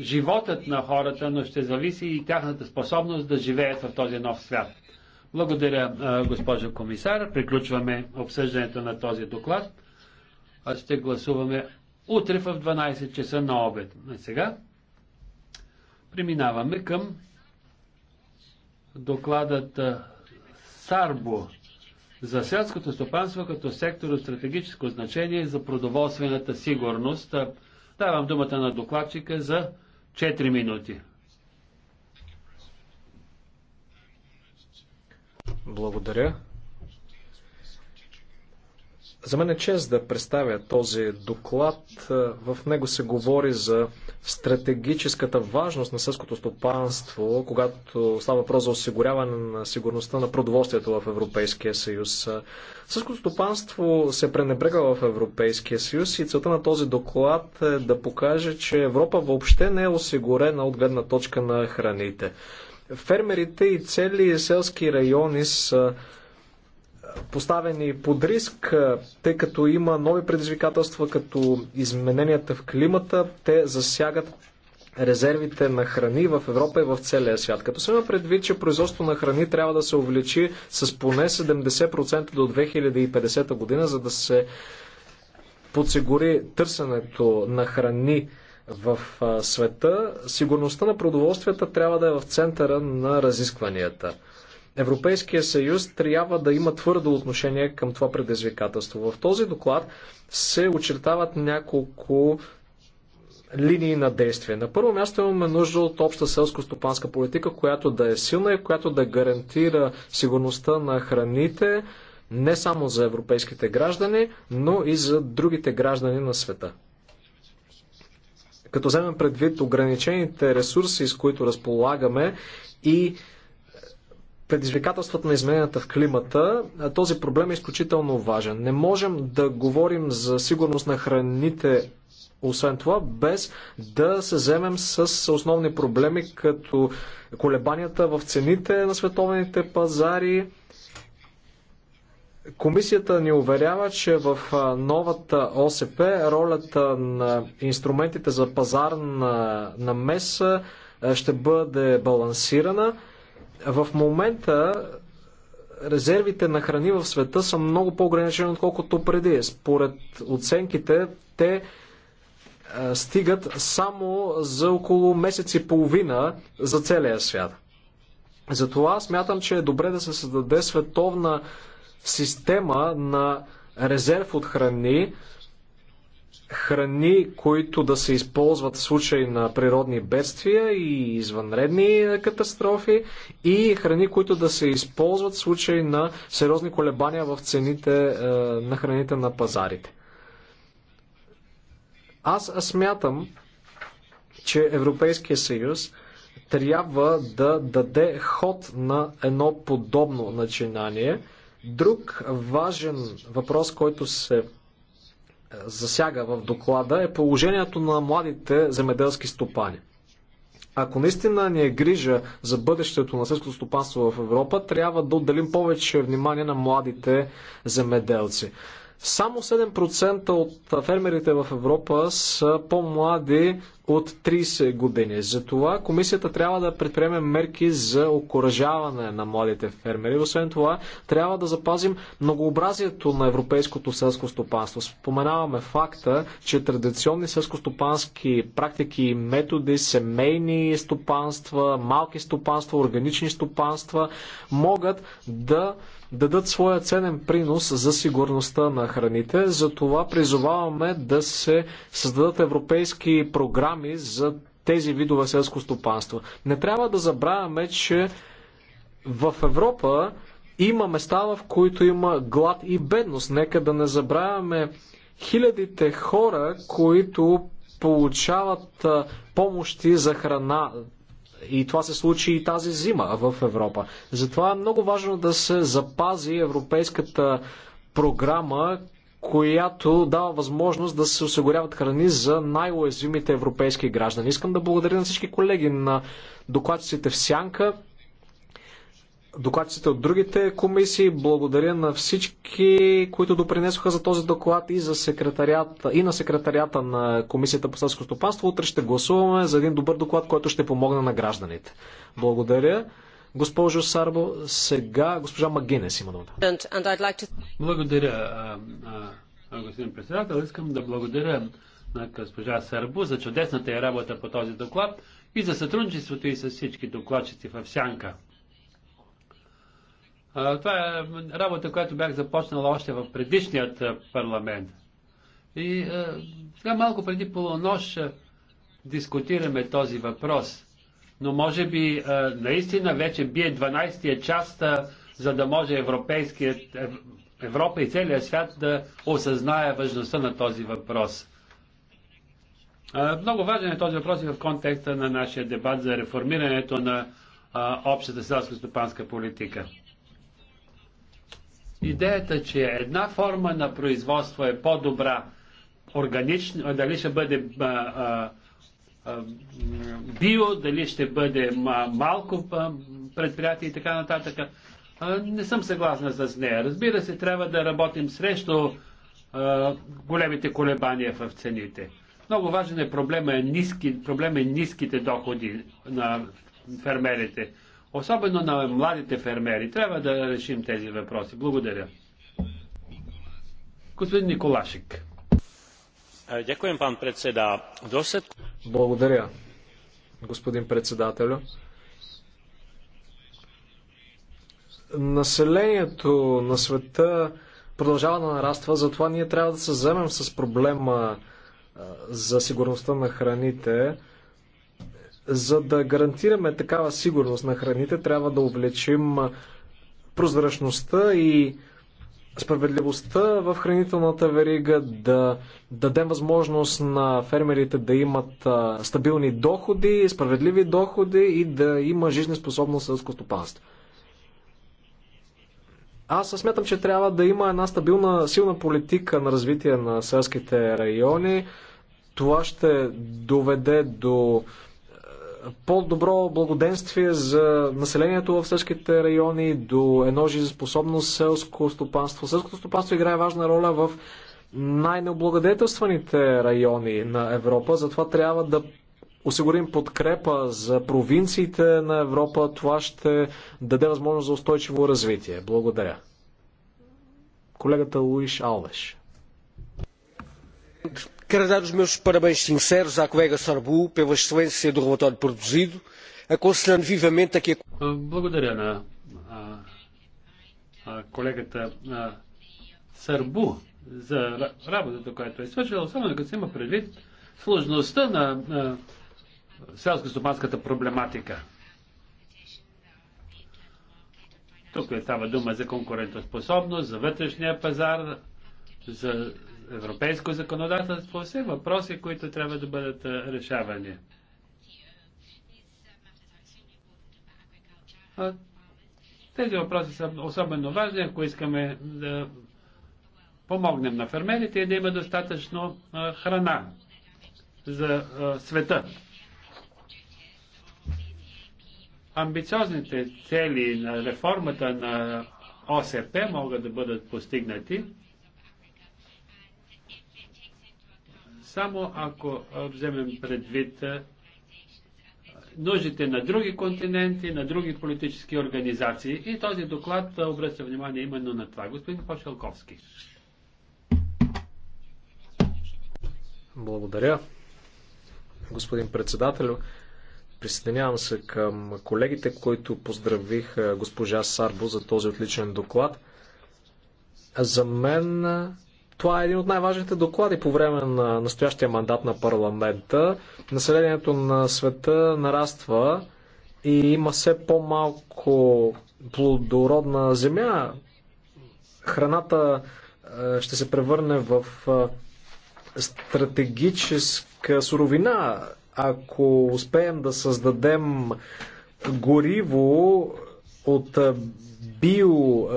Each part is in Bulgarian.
животът на хората, но ще зависи и тяхната способност да живеят в този нов свят. Благодаря, госпожо комисар. Приключваме обсъждането на този доклад. А ще гласуваме утре в 12 часа на обед. А сега преминаваме към докладът Сарбо за селското стопанство като сектор от стратегическо значение за продоволствената сигурност. Давам думата на докладчика за 4 минути. Благодаря. За мен е чест да представя този доклад. Е, в него се говори за стратегическата важност на съското стопанство, когато става въпрос за осигуряване на сигурността на продоволствието в Европейския съюз. Е, съското стопанство се пренебрега в Европейския съюз и целта на този доклад е да покаже, че Европа въобще не е осигурена от гледна точка на храните. Фермерите и цели селски райони са поставени под риск, тъй като има нови предизвикателства, като измененията в климата, те засягат резервите на храни в Европа и в целия свят. Като се има предвид, че производство на храни трябва да се увеличи с поне 70% до 2050 година, за да се подсигури търсенето на храни в света, сигурността на продоволствията трябва да е в центъра на разискванията. Европейския съюз трябва да има твърдо отношение към това предизвикателство. В този доклад се очертават няколко линии на действие. На първо място имаме нужда от обща селско-стопанска политика, която да е силна и която да гарантира сигурността на храните не само за европейските граждани, но и за другите граждани на света. Като вземем предвид ограничените ресурси, с които разполагаме и предизвикателствата на измененията в климата, този проблем е изключително важен. Не можем да говорим за сигурност на храните освен това, без да се вземем с основни проблеми, като колебанията в цените на световните пазари. Комисията ни уверява, че в новата ОСП ролята на инструментите за пазар на меса ще бъде балансирана. В момента резервите на храни в света са много по-ограничени, отколкото преди. Според оценките, те е, стигат само за около месец и половина за целия свят. Затова смятам, че е добре да се създаде световна система на резерв от храни, храни, които да се използват в случай на природни бедствия и извънредни катастрофи и храни, които да се използват в случай на сериозни колебания в цените е, на храните на пазарите. Аз смятам, че Европейския съюз трябва да даде ход на едно подобно начинание. Друг важен въпрос, който се засяга в доклада е положението на младите земеделски стопани. Ако наистина ни е грижа за бъдещето на сельското стопанство в Европа, трябва да отделим повече внимание на младите земеделци. Само 7% от фермерите в Европа са по-млади от 30 години. Затова комисията трябва да предприеме мерки за окоръжаване на младите фермери. Освен това, трябва да запазим многообразието на европейското селско стопанство. Споменаваме факта, че традиционни селскостопански практики и методи, семейни стопанства, малки стопанства, органични стопанства могат да дадат своя ценен принос за сигурността на храните. Затова призоваваме да се създадат европейски програми за тези видове селско стопанство. Не трябва да забравяме, че в Европа има места, в които има глад и бедност. Нека да не забравяме хилядите хора, които получават помощи за храна и това се случи и тази зима в Европа. Затова е много важно да се запази европейската програма, която дава възможност да се осигуряват храни за най-уязвимите европейски граждани. Искам да благодаря на всички колеги, на докладците в Сянка, докладчиците от другите комисии. Благодаря на всички, които допринесоха за този доклад и, за секретарията, и на секретарията на Комисията по селско стопанство. Утре ще гласуваме за един добър доклад, който ще помогне на гражданите. Благодаря. Госпожо Сарбо, сега госпожа Магинес има думата. Благодаря, господин председател. Искам да благодаря на госпожа Сарбо за чудесната работа по този доклад и за сътрудничеството и с всички докладчици в Сянка. Това е работа, която бях започнала още в предишният парламент. И сега малко преди полунощ дискутираме този въпрос. Но може би наистина вече бие 12-я част, за да може европейският, Европа и целият свят да осъзнае важността на този въпрос. Много важен е този въпрос и в контекста на нашия дебат за реформирането на общата селско-стопанска политика идеята, че една форма на производство е по-добра, органична, дали ще бъде а, а, а, био, дали ще бъде малко предприятие и така нататък, а, не съм съгласна с нея. Разбира се, трябва да работим срещу а, големите колебания в цените. Много важен е проблема е, ниски, проблем е ниските доходи на фермерите особено на младите фермери. Трябва да решим тези въпроси. Благодаря. Господин Николашик. Е, дякуем, пан председа. Досед... Благодаря, господин председателю. Населението на света продължава да нараства, затова ние трябва да се вземем с проблема за сигурността на храните. За да гарантираме такава сигурност на храните, трябва да увлечим прозрачността и справедливостта в хранителната верига, да дадем възможност на фермерите да имат стабилни доходи, справедливи доходи и да има жизнеспособно с костопанство. Аз смятам, че трябва да има една стабилна, силна политика на развитие на селските райони. Това ще доведе до по-добро благоденствие за населението в селските райони, до едно жизнеспособно селско стопанство. Селското стопанство играе важна роля в най-необлагодетелстваните райони на Европа, затова трябва да осигурим подкрепа за провинциите на Европа. Това ще даде възможност за устойчиво развитие. Благодаря. Колегата Луиш Алвеш. Quero dar os meus parabéns sinceros à colega Sorbu pela excelência do relatório produzido, aconselhando vivamente a que a... Е, благодаря на а, а, колегата а, Сърбу за работата, която е свършила, особено като се има предвид сложността на а, селско-стопанската проблематика. Тук е става дума за конкурентоспособност, за вътрешния пазар, за европейско законодателство, все въпроси, които трябва да бъдат решавани. Тези въпроси са особено важни, ако искаме да помогнем на фермерите и да има достатъчно храна за света. Амбициозните цели на реформата на ОСП могат да бъдат постигнати само ако вземем предвид нуждите на други континенти, на други политически организации. И този доклад обръща внимание именно на това. Господин Пошелковски. Благодаря. Господин председател, присъединявам се към колегите, които поздравих госпожа Сарбо за този отличен доклад. За мен това е един от най-важните доклади по време на настоящия мандат на парламента. Населението на света нараства и има все по-малко плодородна земя. Храната е, ще се превърне в е, стратегическа суровина. Ако успеем да създадем гориво от е, био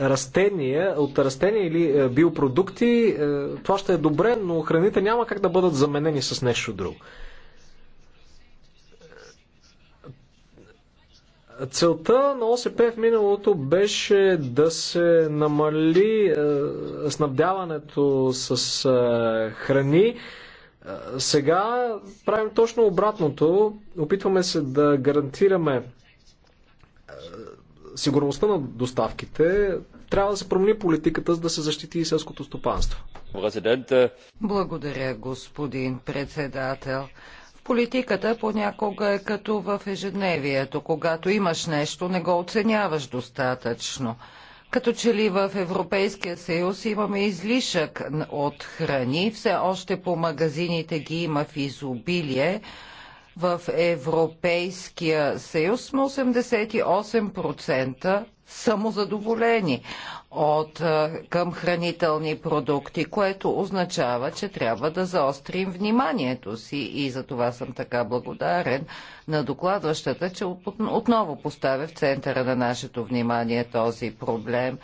растения, от растения или е, биопродукти, е, това ще е добре, но храните няма как да бъдат заменени с нещо друго. Целта на ОСП в миналото беше да се намали е, снабдяването с храни. Сега правим точно обратното. Опитваме се да гарантираме сигурността на доставките, трябва да се промени политиката, за да се защити и селското стопанство. Благодаря, господин председател. В политиката понякога е като в ежедневието. Когато имаш нещо, не го оценяваш достатъчно. Като че ли в Европейския съюз имаме излишък от храни, все още по магазините ги има в изобилие, в Европейския съюз сме 88% самозадоволени от, към хранителни продукти, което означава, че трябва да заострим вниманието си и за това съм така благодарен на докладващата, че отново поставя в центъра на нашето внимание този проблем.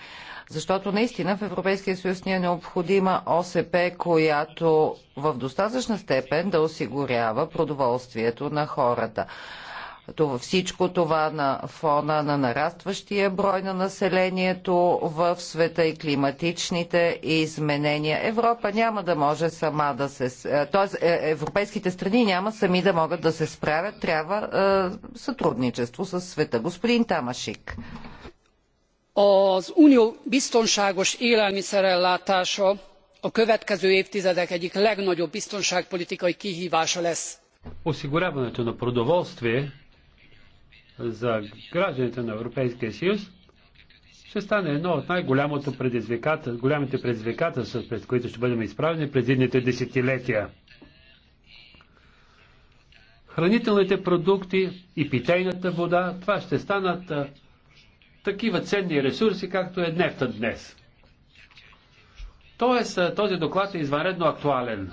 Защото наистина в Европейския съюз ни е необходима ОСП, която в достатъчна степен да осигурява продоволствието на хората. Това, всичко това на фона на нарастващия брой на населението в света и климатичните изменения. Европа няма да може сама да се... Е, тоест, е, европейските страни няма сами да могат да се справят. Трябва е, сътрудничество с света. Господин Тамашик az unió biztonságos élelmiszerellátása a következő évtizedek egyik legnagyobb biztonságpolitikai kihvása lesz. Осигуряването на продоволствие за гражданите на Европейския съюз ще стане едно от най-голямите предизвикателства, пред които ще бъдем изправени през едните десетилетия. Хранителните продукти и питейната вода, това ще станат такива ценни ресурси, както е нефта днес. Тоест, този доклад е извънредно актуален.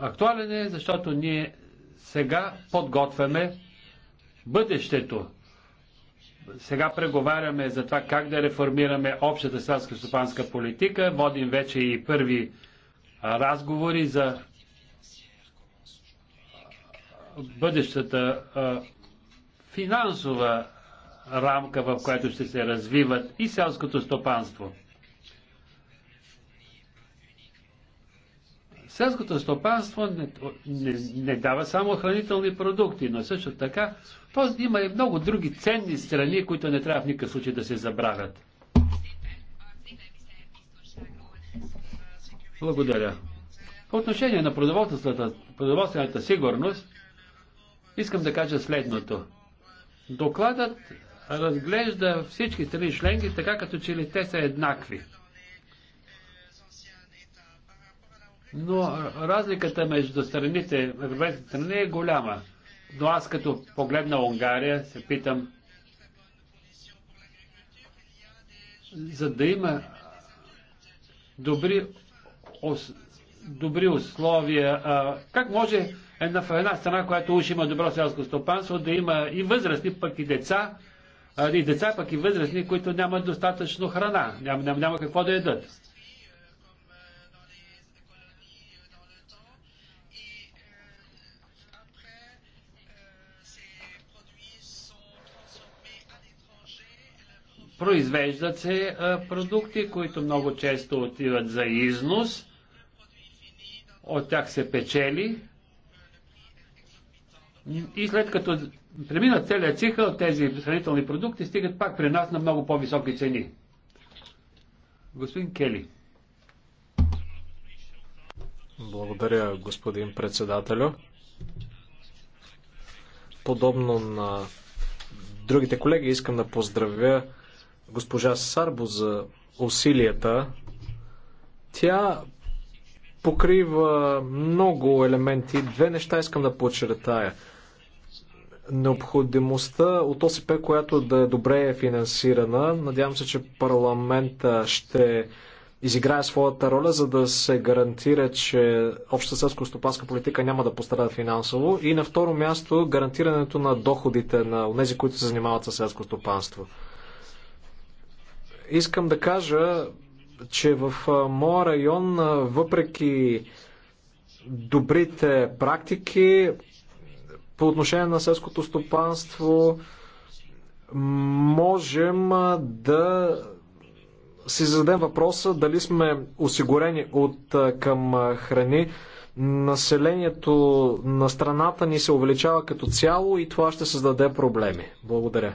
Актуален е, защото ние сега подготвяме бъдещето. Сега преговаряме за това как да реформираме общата селско-стопанска политика. Водим вече и първи разговори за бъдещата финансова рамка, в която ще се развиват и селското стопанство. Селското стопанство не, не, не дава само хранителни продукти, но също така то има и много други ценни страни, които не трябва в никакъв случай да се забравят. Благодаря. По отношение на продоволствената, продоволствената сигурност, искам да кажа следното. Докладът разглежда всички страни членки така, като че ли те са еднакви. Но разликата между страните, европейските страни е голяма. Но аз като погледна Унгария, се питам, за да има добри, ос, добри условия, а, как може една, в една страна, която уж има добро селско стопанство, да има и възрастни, пък и деца, и деца, пък и възрастни, които нямат достатъчно храна, няма, няма, няма какво да ядат. Произвеждат се а, продукти, които много често отиват за износ, от тях се печели и след като преминат целият цикъл, тези хранителни продукти стигат пак при нас на много по-високи цени. Господин Кели. Благодаря, господин председателю. Подобно на другите колеги, искам да поздравя госпожа Сарбо за усилията. Тя покрива много елементи. Две неща искам да подчертая – необходимостта от ОСП, която да е добре финансирана. Надявам се, че парламента ще изиграе своята роля, за да се гарантира, че обща селско-стопанска политика няма да пострада финансово. И на второ място, гарантирането на доходите на тези, които се занимават с селско стопанство. Искам да кажа, че в моя район, въпреки добрите практики, по отношение на селското стопанство можем да си зададем въпроса дали сме осигурени от към храни. Населението на страната ни се увеличава като цяло и това ще създаде проблеми. Благодаря.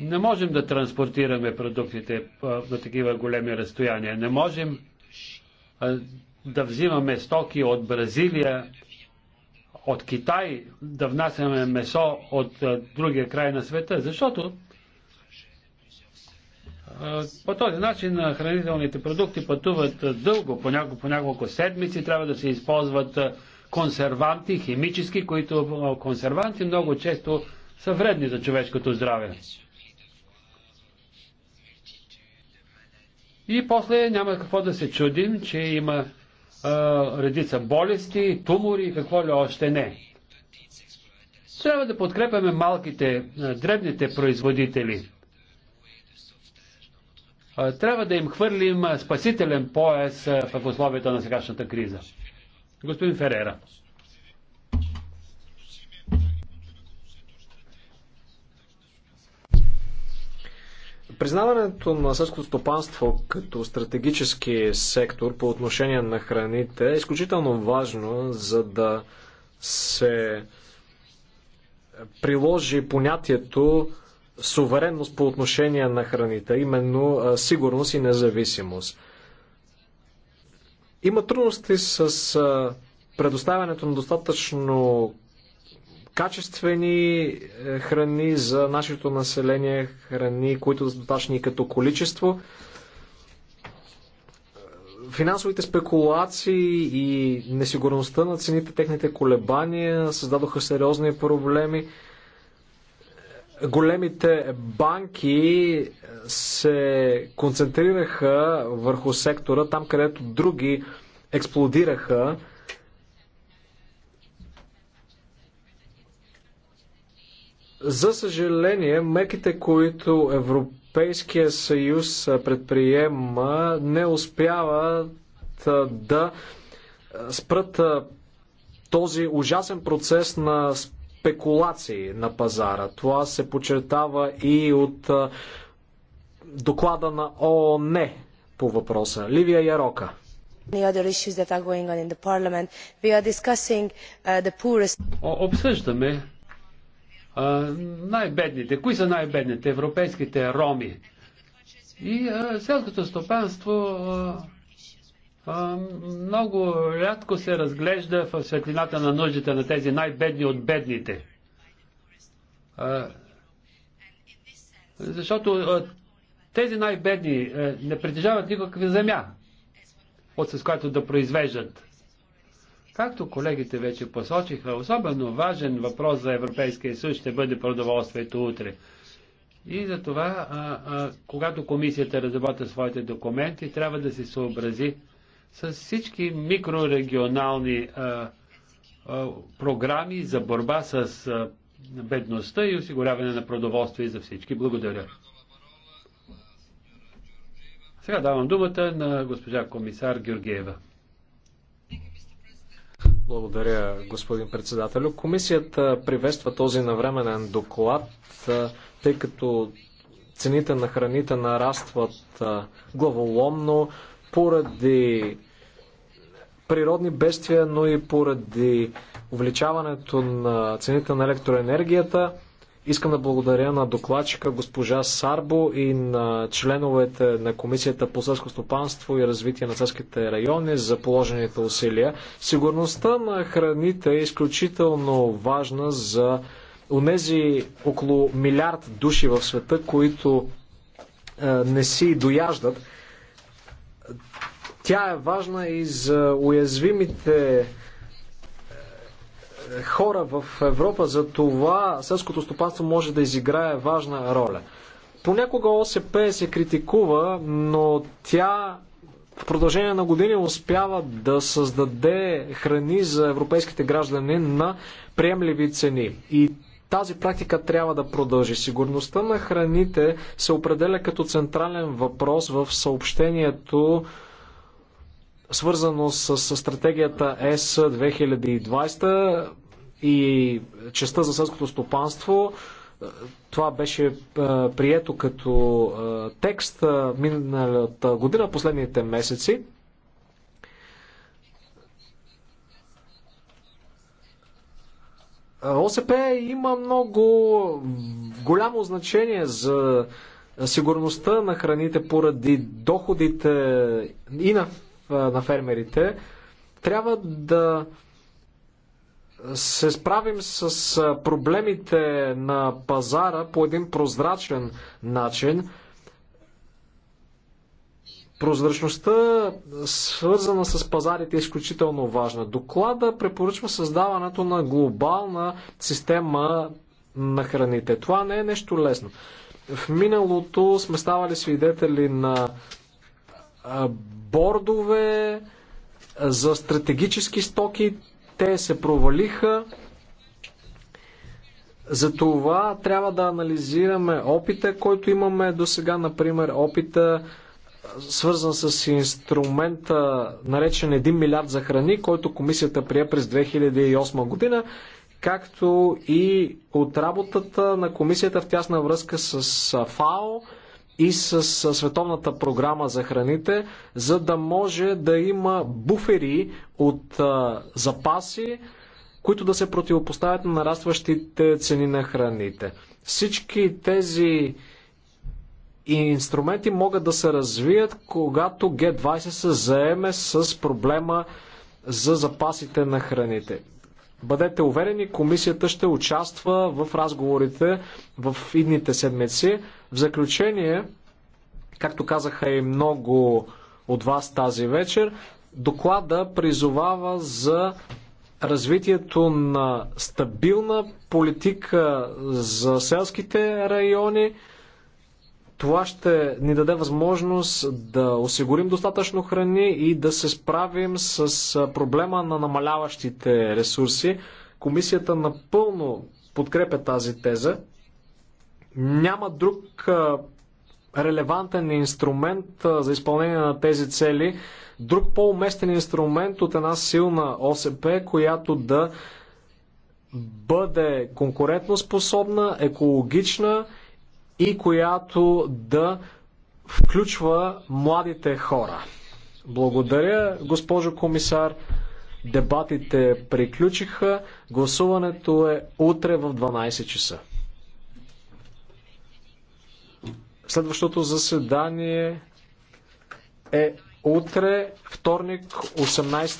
Не можем да транспортираме продуктите на такива големи разстояния. Не можем да взимаме стоки от Бразилия, от Китай, да внасяме месо от другия край на света, защото по този начин хранителните продукти пътуват дълго, по няколко, по няколко седмици, трябва да се използват консерванти, химически, които консерванти много често са вредни за човешкото здраве. И после няма какво да се чудим, че има а, редица болести, тумори и какво ли още не. Трябва да подкрепяме малките, дребните производители. Трябва да им хвърлим спасителен пояс в условията на сегашната криза. Господин Ферера. Признаването на сърското стопанство като стратегически сектор по отношение на храните е изключително важно, за да се приложи понятието суверенност по отношение на храните, именно сигурност и независимост. Има трудности с предоставянето на достатъчно качествени е, храни за нашето население, храни, които са достатъчни като количество. Финансовите спекулации и несигурността на цените, техните колебания създадоха сериозни проблеми. Големите банки се концентрираха върху сектора там, където други експлодираха За съжаление, меките, които Европейския съюз предприема, не успяват да спрат този ужасен процес на спекулации на пазара. Това се подчертава и от доклада на ООН по въпроса. Ливия Ярока. Uh, обсъждаме най-бедните. Кои са най-бедните? Европейските роми. И а, селското стопанство а, а, много рядко се разглежда в светлината на нуждите на тези най-бедни от бедните. А, защото а, тези най-бедни не притежават никакви земя, от с която да произвеждат. Както колегите вече посочиха, особено важен въпрос за Европейския съюз ще бъде продоволствието утре. И за това, а, а, когато комисията разработя своите документи, трябва да се съобрази с всички микрорегионални а, а, програми за борба с а, бедността и осигуряване на продоволствие за всички. Благодаря. Сега давам думата на госпожа комисар Георгиева. Благодаря, господин председател. Комисията приветства този навременен доклад, тъй като цените на храните нарастват главоломно поради природни бедствия, но и поради увеличаването на цените на електроенергията. Искам да благодаря на докладчика госпожа Сарбо и на членовете на Комисията по сърско стопанство и развитие на селските райони за положените усилия. Сигурността на храните е изключително важна за онези около милиард души в света, които е, не си дояждат. Тя е важна и за уязвимите хора в Европа, за това селското стопанство може да изиграе важна роля. Понякога ОСП се критикува, но тя в продължение на години успява да създаде храни за европейските граждани на приемливи цени. И тази практика трябва да продължи. Сигурността на храните се определя като централен въпрос в съобщението свързано с, с стратегията ЕС 2020 и частта за сълското стопанство. Това беше е, прието като е, текст е, миналата година, последните месеци. ОСП има много голямо значение за сигурността на храните поради доходите и на на фермерите. Трябва да се справим с проблемите на пазара по един прозрачен начин. Прозрачността, свързана с пазарите, е изключително важна. Доклада препоръчва създаването на глобална система на храните. Това не е нещо лесно. В миналото сме ставали свидетели на бордове за стратегически стоки. Те се провалиха. Затова трябва да анализираме опита, който имаме до сега, например, опита свързан с инструмента, наречен 1 милиард за храни, който комисията прие през 2008 година, както и от работата на комисията в тясна връзка с ФАО, и с Световната програма за храните, за да може да има буфери от а, запаси, които да се противопоставят на нарастващите цени на храните. Всички тези инструменти могат да се развият, когато Г20 се заеме с проблема за запасите на храните. Бъдете уверени, комисията ще участва в разговорите в идните седмици. В заключение, както казаха и много от вас тази вечер, доклада призовава за развитието на стабилна политика за селските райони, това ще ни даде възможност да осигурим достатъчно храни и да се справим с проблема на намаляващите ресурси. Комисията напълно подкрепя тази теза. Няма друг релевантен инструмент за изпълнение на тези цели, друг по-уместен инструмент от една силна ОСП, която да бъде конкурентоспособна, екологична и която да включва младите хора. Благодаря, госпожо комисар. Дебатите приключиха. Гласуването е утре в 12 часа. Следващото заседание е утре, вторник, 18